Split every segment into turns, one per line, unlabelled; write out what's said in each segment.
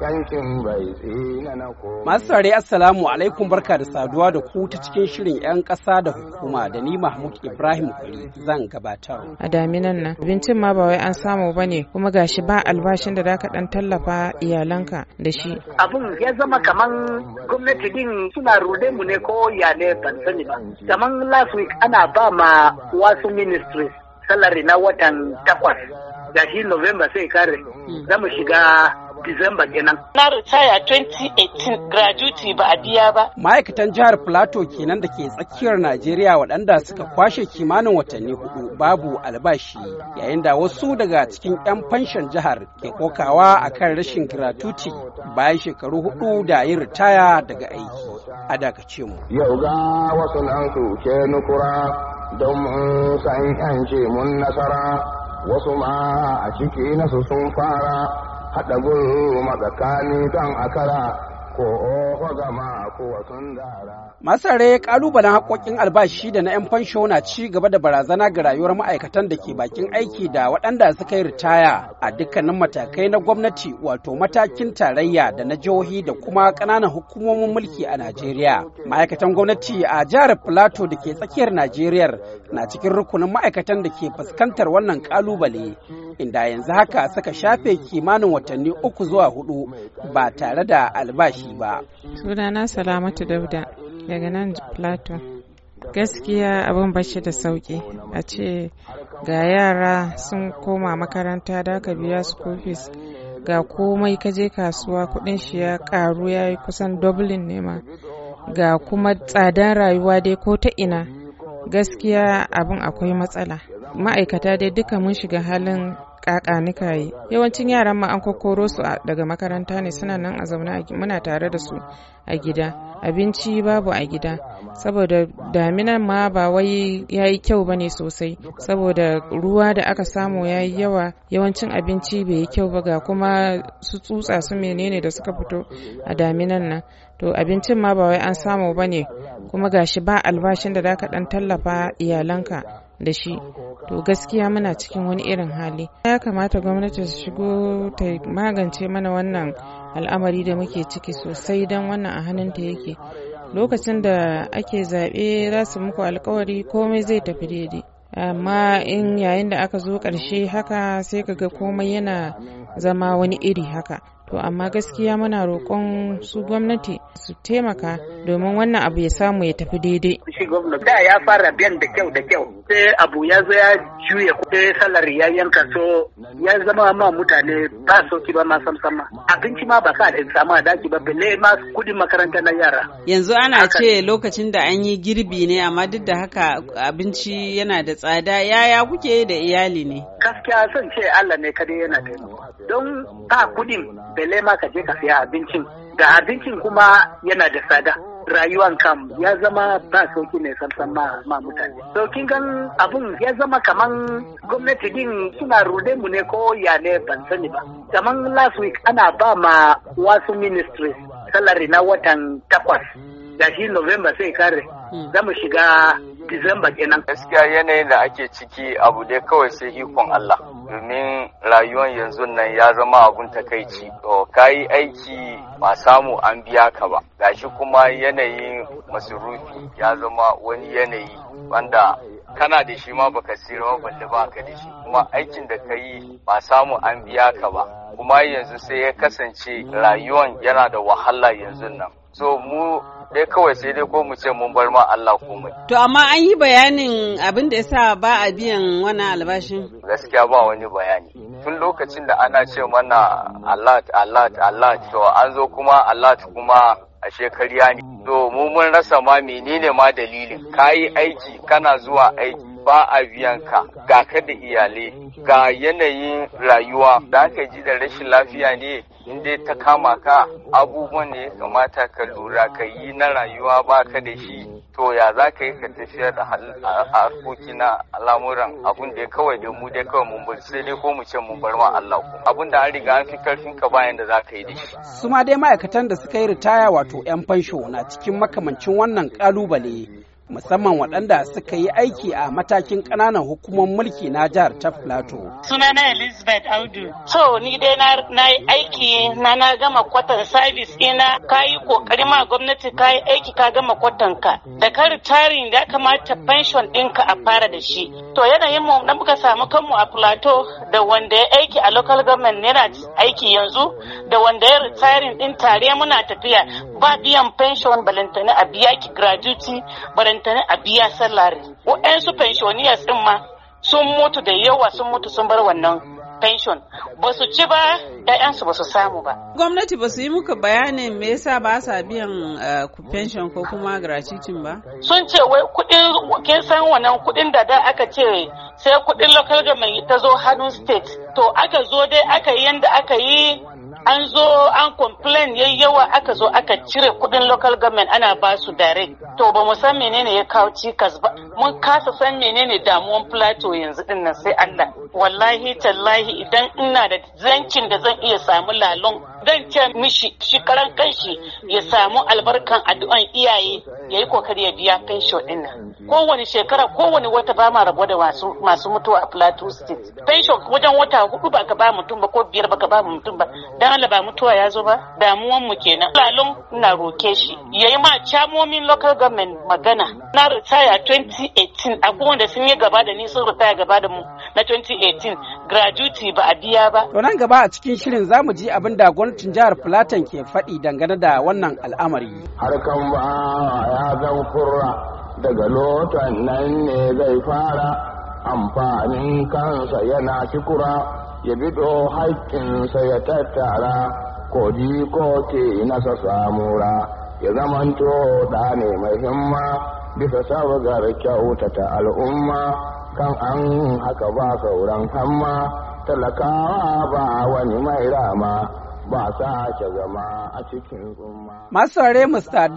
yankin bai na ko.
Masu tsare Assalamu alaikum barka da saduwa da ku ta cikin shirin 'yan ƙasa da hukuma da ni Mahmud Ibrahim zan gabata.
A daminan nan abincin ma ba wai an samu ba ne kuma gashi ba albashin da zaka dan tallafa iyalanka da shi.
Abun ya zama kamar gwamnati din suna rude mu ne ko ya ne ban sani ba. Kaman last week ana ba ma wasu ministries salari na watan takwas. Gashi November sai kare. Za mu shiga Disamba kenan. Na
ritaya 2018 graduate ba a biya ba.
Ma'aikatan jihar Plateau kenan da ke tsakiyar Najeriya waɗanda suka kwashe kimanin watanni hudu babu albashi yayin da wasu daga cikin 'yan fanshan jihar ke kokawa akan rashin gratuity bayan shekaru hudu da yin ritaya daga aiki. A dakace mu.
Yau ga wasu nan su nukura don mun san ce mun nasara wasu ma a ciki nasu sun fara haɗa gulu matsakani kan akara ko Masare kalubalen
haƙoƙin albashi da na 'yan fansho na ci gaba da barazana ga rayuwar ma'aikatan da ke bakin aiki da waɗanda suka yi ritaya a dukkanin matakai na gwamnati wato matakin tarayya da na jihohi da kuma ƙananan hukumomin mulki a Najeriya. Ma'aikatan gwamnati a jihar Filato da ke tsakiyar Najeriya na cikin rukunin ma'aikatan da ke fuskantar wannan kalubale inda yanzu haka suka shafe kimanin watanni uku zuwa hudu ba tare da albashi ba.
sunana salamatu dauda daga nan plato gaskiya abin bashi da sauki a ce ga yara sun koma makaranta da aka biya su fees ga komai ka je kasuwa kudin shi ya karu ya yi kusan dublin nema ga kuma tsadar rayuwa dai ko ta ina gaskiya abin akwai matsala ma'aikata dai duka mun shiga halin kakanika yi yawancin yaran ma an kokoro su daga makaranta ne suna nan a zaune muna tare da su a gida abinci babu a gida saboda daminan ma ba wai ya yi kyau ba ne sosai saboda ruwa da aka samu ya yi yawa yawancin abinci bai yi kyau ba ga kuma su tsutsa su menene da suka fito a daminan nan to abincin ma ba wai an samu ba ne? kuma gashi ba albashin da za ka ɗan tallafa iyalanka da shi to gaskiya muna cikin wani irin hali ya kamata gwamnati su shigo ta magance mana wannan al'amari da muke ciki sosai don wannan a hannunta yake lokacin da ake zaɓe za su muku alkawari komai zai tafi daidai amma in yayin da aka zo ƙarshe haka sai ka ga komai yana zama wani iri haka to amma gaskiya muna roƙon su gwamnati su taimaka domin wannan abu ya samu ya tafi daidai
shi da ya fara biyan da kyau da kyau sai abu ya zo ya juya sai salari ya yanka so ya zama ma mutane ba ki ba ma sam sama abinci ma ba ka da samu a daki ba bale ma kudin makaranta na yara
yanzu ana ce lokacin da an yi girbi ne amma duk da haka abinci yana da tsada yaya kuke da iyali ne
gaskiya son ce Allah ne kadai yana taimako don ba kudin bele ma ka je ka siya abincin da abincin kuma yana da tsada rayuwan kam ya zama ba sauki ne samsan ma, ma mutane. So gan abun ya zama kaman gwamnati din suna rude mu ne ko ya ne ban sani ba. Kaman last week ana ba ma wasu ministries salari na watan takwas da shi November sai kare. Za mu
shiga Disamba kenan. Gaskiya yanayin da ake ciki abu dai kawai sai ikon Allah. Domin rayuwar yanzu nan ya zama abun takaici. To yi aiki ba samu an biya ka ba. Gashi kuma yanayin masurufi ya zama wani yanayi wanda kana da shi ma baka ba balle ba ka da shi kuma aikin da ka yi ba samu an biya ka ba kuma yanzu sai ya kasance rayuwan yana da wahala yanzu nan so mu dai kawai sai dai ko mu ce mun bar ma Allah komai.
To amma an yi bayanin abin da yasa ba a biyan wannan albashin?
Gaskiya ba wani bayani. Tun lokacin da ana ce mana Allah Allah Allah to an zo kuma Allah kuma a shekariya ne. To mu mun rasa ma menene ma dalilin kayi aiki kana zuwa aiki ba a biyan ka ga ka da iyalai ga yanayin rayuwa da aka ji da rashin lafiya ne inda ta kama ka abubuwan ne, ya kamata ka lura ka yi na rayuwa ba ka da shi to ya za ka yi ka tafiyar da harkoki na al'amuran abin da kawai da mu dai kawai mun bar sai dai ko mu ce mun bar ma Allah ku abin da an riga an fi karfin ka bayan da za ka yi da shi
su ma dai ma'aikatan da suka yi ritaya wato yan fansho na cikin makamancin wannan kalubale musamman waɗanda suka yi aiki a matakin ƙananan hukumar mulki na jihar ta plateau
sunana elizabeth audu so ni dai na yi aiki na na gama kwatan sabis ina ka yi kokari ma gwamnati ka yi aiki ka gama kwatan ka da ka ritarin da kamata pension ɗinka a fara da shi to yanayin mu da muka samu kanmu a plateau da wanda ya aiki a local government yana aiki yanzu da wanda ya ritarin ɗin tare muna tafiya ba biyan pension balantana a biya ki gratuity ne a biya salari waɗansu pensioners ɗin ma sun mutu da yawa sun mutu sun bar wannan pension ba su ci ba ‘ya'yansu ba su samu ba.
Gwamnati ba su yi muka bayanin me yasa ba sa biyan eh, pension ko kuma gratuity ba?
Sun ce wai kuɗin kin san wannan kuɗin da da aka ce sai kuɗin local government ta zo hannun state to aka zo dai aka yi yanda aka yi an zo an complain yayi yawa aka zo aka cire kudin local government ana ba su direct to ba mu san menene ya kawo cikas ba mun kasa san menene damuwan plateau yanzu din nan sai Allah wallahi tallahi idan ina da zancin da zan iya samu lalon zan ce mishi shi karan kanshi ya samu albarkan addu'an iyaye ya yi kokari ya biya pension din nan kowane shekara kowane wata ba ma rabo da masu mutuwa a plateau state pension wajen wata hudu ba ka ba mutum ba ko biyar ba ka ba mutum ba dan Allah ba mutuwa ya zo ba damuwan mu kenan lalun na roke shi yayi ma chamomin local government magana na ritaya 2018 akwai wanda sun yi gaba da ni sun ritaya gaba da mu na 2018 gratuity ba a biya ba
to nan gaba a cikin shirin zamu ji abin da gwamnatin jihar Platan ke faɗi dangane da wannan al'amari.
Harkan ba ya zan kurra daga lotan nan ne zai fara amfanin kansa yana kikura ya bido haƙƙinsa ya tattara kodi ko ke nasa samura ya zamanto da ne mai himma bisa sabgar kyautata al'umma kan an haka ba sauran hamma talakawa ba wani mai rama ba sa sake zama a cikin tsumma.
Masare Mr.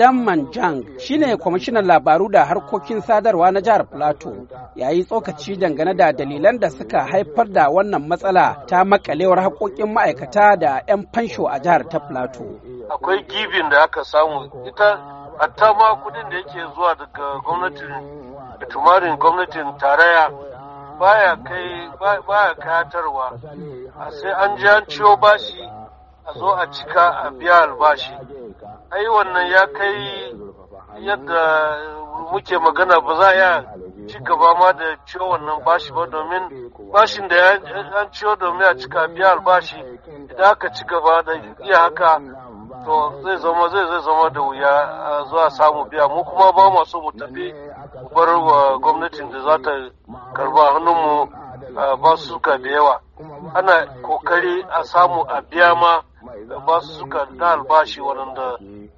Jang shine kwamishinan labaru da harkokin sadarwa na jihar Plateau yayi tsokaci dangane da dalilan da suka haifar da wannan matsala ta makalewar haƙoƙin ma'aikata da 'yan fansho a jihar ta Plateau.
Akwai gibin da aka samu ita hatta ma kudin da yake zuwa daga gwamnatin tumarin gwamnatin tarayya baya kai baya katarwa sai an ji an ciwo bashi a zo a cika a biya albashi ai wannan ya kai yadda muke magana ba za a ci gaba ma da ciwo wannan bashi ba domin bashin da an ciwo domin a cika biya albashi idan aka ci gaba da iya haka to zai zama zai zai zama da wuya zuwa samu biya mu kuma ba masu so mu tafi bar wa gwamnatin da za ta karba hannunmu ba su da yawa ana kokari a samu a biya ma ba su suka da albashi waɗanda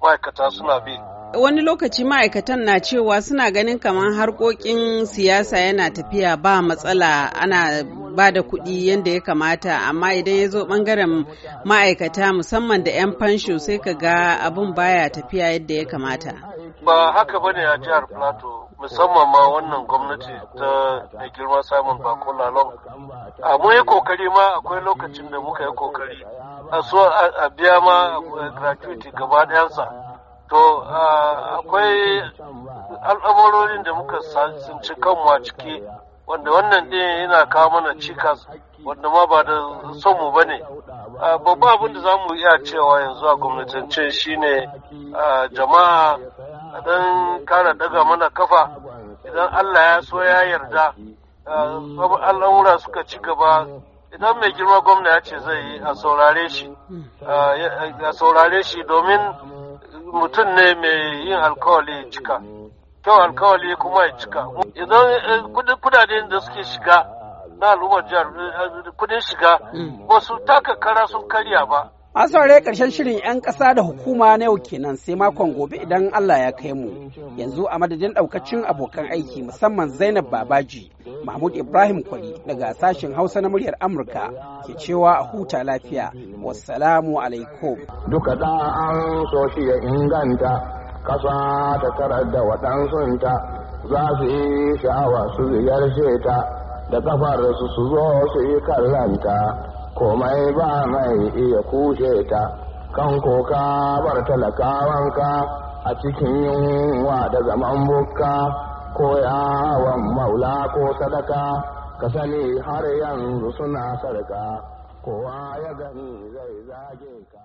ma'aikata suna bi.
Wani lokaci ma'aikatan na cewa suna ganin kamar harkokin siyasa yana tafiya ba matsala ana ba da kuɗi yadda ya kamata amma idan ya zo ɓangaren ma'aikata musamman da 'yan fansho sai ka ga abun baya tafiya yadda ya kamata.
Ba haka bane a jihar Plateau musamman ma wannan gwamnati ta mai girma samun bako lalong a mun yi kokari ma akwai lokacin da muka yi kokari a so a biya ma eh, gratuity gaba ɗayansa to akwai al'amarorin da muka tsinci kanmu a ciki wanda wannan ɗin yana kawo mana cikas wanda ma ba da son mu ne. babba abin da za mu iya cewa yanzu a gwamnatance shine jama'a a dan daga mana kafa idan Allah ya so ya yarda eh, al'amura suka ci gaba idan mai girma gwamna ya ce zai yi a saurare shi eh, domin mutum ne mai yin alkawali cika kyau alkawali kuma ya cika idan eh, kudaden da suke shiga na al'ummar jihar kudin shiga hmm. ba su taka kara sun karya ba
An karshen ƙarshen shirin 'yan ƙasa da hukuma na yau kenan sai makon gobe idan Allah ya kai mu. Yanzu a madadin ɗaukacin abokan aiki musamman Zainab Babaji, Mahmud Ibrahim Kwari daga sashen Hausa na muryar Amurka ke cewa a huta lafiya. Wassalamu alaikum.
Duka da an so shi ya inganta, ƙasa ta tarar da waɗansunta za su yi sha'awa su ziyarce ta da kafar su su zo su yi kallanta. komai ba mai iya kushe ta kan koka bar talakawanka a cikin yunwa da zaman bukka ko yawon maula ko sadaka ka sani har yanzu suna sarka kowa ya gani zai zage ka